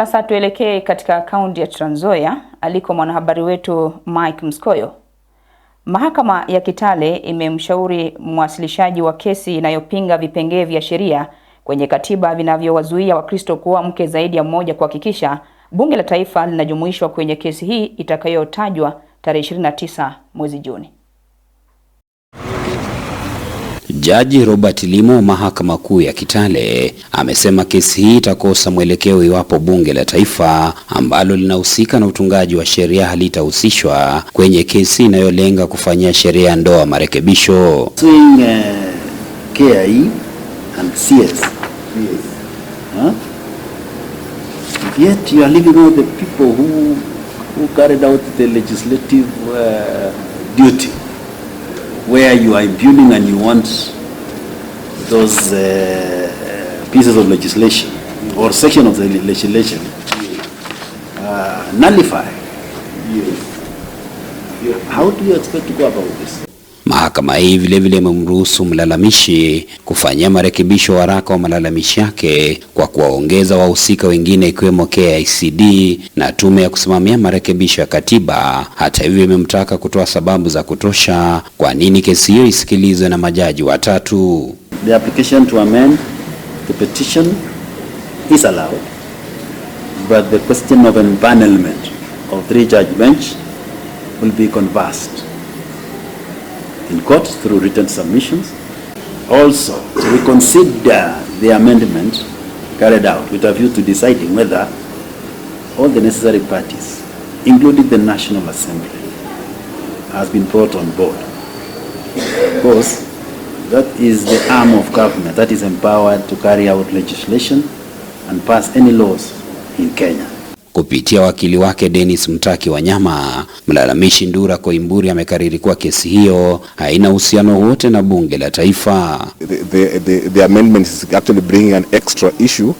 Sasa tuelekee katika kaunti ya Trans Nzoia aliko mwanahabari wetu Mike Mskoyo. Mahakama ya Kitale imemshauri mwasilishaji wa kesi inayopinga vipengee vya sheria kwenye katiba vinavyowazuia Wakristo kuwa mke zaidi ya mmoja kuhakikisha bunge la taifa linajumuishwa kwenye kesi hii itakayotajwa tarehe 29 mwezi Juni. Jaji Robert Limo wa Mahakama Kuu ya Kitale amesema kesi hii itakosa mwelekeo iwapo Bunge la Taifa ambalo linahusika na utungaji wa sheria halitahusishwa kwenye kesi inayolenga kufanyia sheria ya ndoa marekebisho. Uh, where you are building and you want those uh, pieces of legislation or section of the legislation uh, nullified. How do you expect to go about this? Mahakama hii vilevile imemruhusu mlalamishi kufanyia marekebisho waraka wa malalamishi yake kwa kuwaongeza wahusika wengine ikiwemo KICD na tume ya kusimamia marekebisho ya katiba. Hata hivyo, imemtaka kutoa sababu za kutosha kwa nini kesi hiyo isikilizwe na majaji watatu. The application to amend the petition is allowed, but the question of empanelment of three judge bench will be conversed in court through written submissions. Also, we consider the amendment carried out with a view to deciding whether all the necessary parties, including the National Assembly, has been brought on board. Because that is the arm of government that is empowered to carry out legislation and pass any laws in Kenya kupitia wakili wake Dennis Mtaki Wanyama, mlalamishi Ndura Koimburi amekariri kuwa kesi hiyo haina uhusiano wote na bunge la taifa. The, the, the, the amendment is actually bringing an extra issue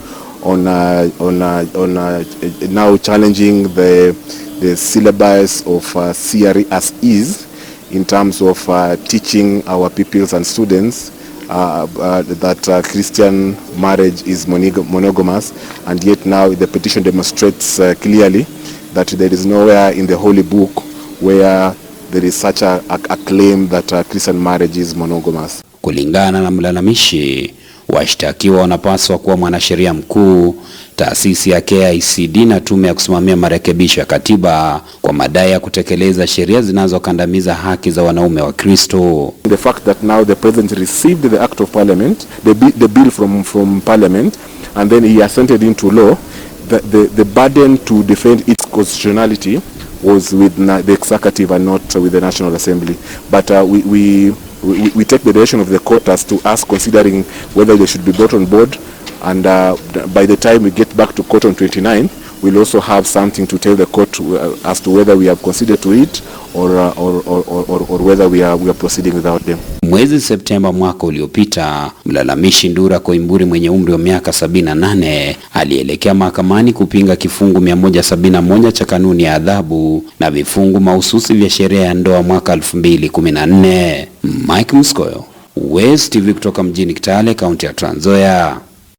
on a, uh, on a, uh, on a, uh, now challenging the, the syllabus of uh, CRE as is in terms of uh, teaching our pupils and students uh, uh, that uh, Christian marriage is monogamous and yet now the petition demonstrates uh, clearly that there is nowhere in the Holy Book where there is such a, a, a claim that uh, Christian marriage is monogamous. Kulingana na mlalamishi, washtakiwa wanapaswa kuwa mwanasheria mkuu taasisi ya KICD na tume ya kusimamia marekebisho ya katiba kwa madai ya kutekeleza sheria zinazokandamiza haki za wanaume wa Kristo. The fact that now the president received the act of parliament, the, the bill from, from parliament and then he assented into law, the, the, the burden to defend its constitutionality was with the executive and not with the National Assembly. But uh, we, we, we, we take the direction of the court as to us considering whether they should be brought on board and uh, by the time we get back to court on 29 we'll also have something to tell the court uh, as to whether we have considered to it or, uh, or, or, or, or whether we are, we are proceeding without them. Mwezi Septemba mwaka uliopita, mlalamishi Ndura Koimburi mwenye umri wa miaka 78 alielekea mahakamani kupinga kifungu 171 cha kanuni ya adhabu na vifungu mahususi vya sheria ya ndoa mwaka 2014. Mike Muskoyo, West TV kutoka mjini Kitale, kaunti ya Trans Nzoia.